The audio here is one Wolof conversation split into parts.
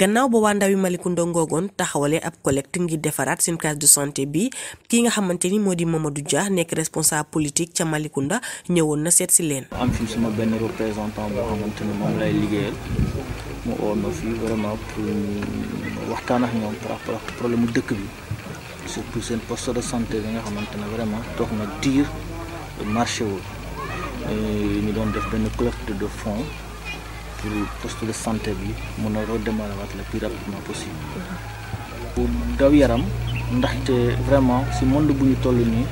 gannaaw ba waa ndawi Malicounda Ngogone taxawalee ab collecte ngir defaraat seen case de santé bi ki nga xamante ni moo di Mamadou Dia nekk responsable politique ca Malicounda ñëwoon na seet si leen. am fi suma benn représentant boo xamante ni moom lay liggéeyal mu oo fii vraiment pour waxtaan ak ñoom par problème mu dëkk bi surtout seen poste de santé bi nga xamante ne vraiment toog na diir marché wul ñu doon def benn collecte de fonds. pour poste de santé bi mun a redémarrer waat le plus rapidement possible pour daw yaram ndaxte vraiment si monde bu ñu toll nii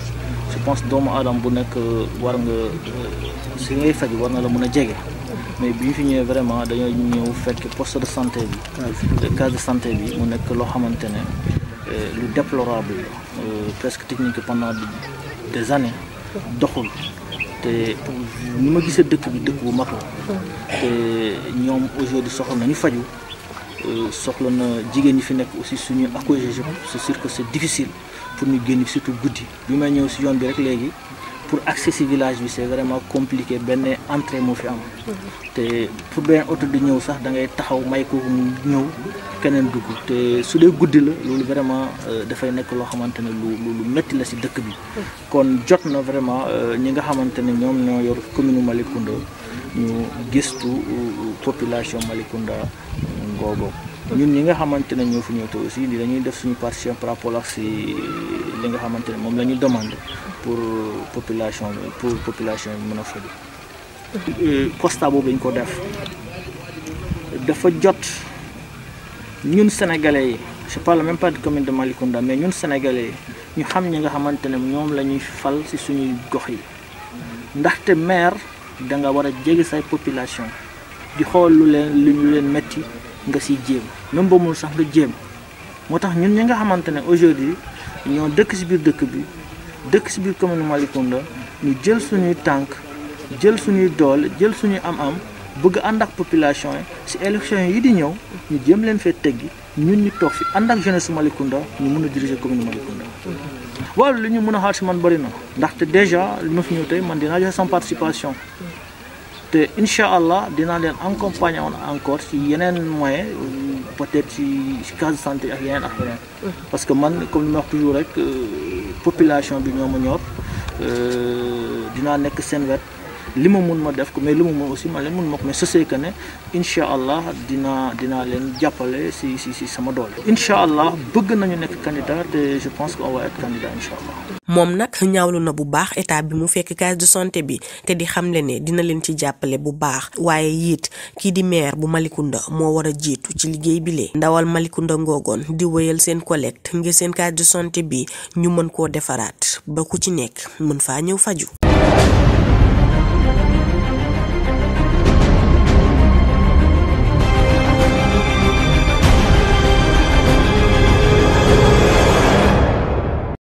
je pense doomu aadama bu nekk euh, war nga euh, si ngay faj war na la mën a jege mais bi ñu fi ñëwee vraiment dañoo ñëw fekk poste de santé bi case de santé bi mu nekk loo xamante ne euh, lu déplorable la presque technique pendant des années doxul nous ni ma gisee dëkk bi dëkk bu mag la aujourd'hui soxla nañu faju euh, soxla na jigéen ñi fi nekk aussi suñu c'est sûr que c'est difficile pour nous génn surtout pour accès si village bi c'est vraiment compliqué Ben, entrée moo fi am te pour benn oto di ñëw sax da ngay taxaw may ko mu ñëw keneen dugg te su dee guddi la loolu vraiment euh, dafay nekk loo xamante ne lu lu métti la si dëkk bi kon jot vraiment euh, ñi nga xamante ne ñoom ñoo yor commune Malicounda ñu gëstu euh, population Malicounda gogo. ñun ñi nga xamante ne ñoo fi ñëw te aussi li dañuy def suñu partition par rapport ak si li nga xamante ne moom la ñu demandé pour euh, population pour population bi Costa a faju euh, constat boobu lañ ko def dafa jot ñun sénégalais je parle même pas de commune de Malicounda mais ñun sénégalais nous ñu xam ñi nga ont ne ñoom la ñuy fal ci suñuy gox yi ndaxte maire da nga war a jege say population di xool lu leen lu ñu leen metti nga ci jéem même ba mun sax nga jéem moo tax ñun ñi nga xamante aujourd'hui ñoo dëkk ci biir dëkk bi dëkk si biir commune Malicounda ñu jël suñuy tànk jël suñuy dool jël suñuy am-am bëgg ànd ak population yi si élection yi di ñëw ñu jëm leen fee teggi ñun ñu toog fi ànd ak jeunesse Malicounda ñu mun a diriger commune Malicounda. waaw li ñu mën a xaar si man bëri na ndaxte déjà li ma fi ñëw tey man dinaa joxe sama participation te incha allah dinaa leen accompagner woon encore si yeneen moyen peut ci si case de santé yeneen ak parce que man comme li ma wax toujours rek. Euh, population bi ñoo ma ñor euh, dinaa nekk seen wet li ma mun ma def ko mais li ma mun aussi ma mun ma ko mais ce c'est que ne incha allah dinaa dinaa leen jàppale si sama doole. incha allah bëgg nañu nekk candidat te je pense qu'on va être candidat incha moom nag ñaawlu na bu baax état bi mu fekk case de santé bi te di xamle ne dina leen ci jàppale bu baax waaye yiit kii di maire bu Malicounda moo war a jiitu ci liggéey bi lee ndawal Malicounda ngoogoon di woyal seen collecte ngir seen case de santé bi ñu mën koo defaraat ba ku ci nekk mën faa ñëw faju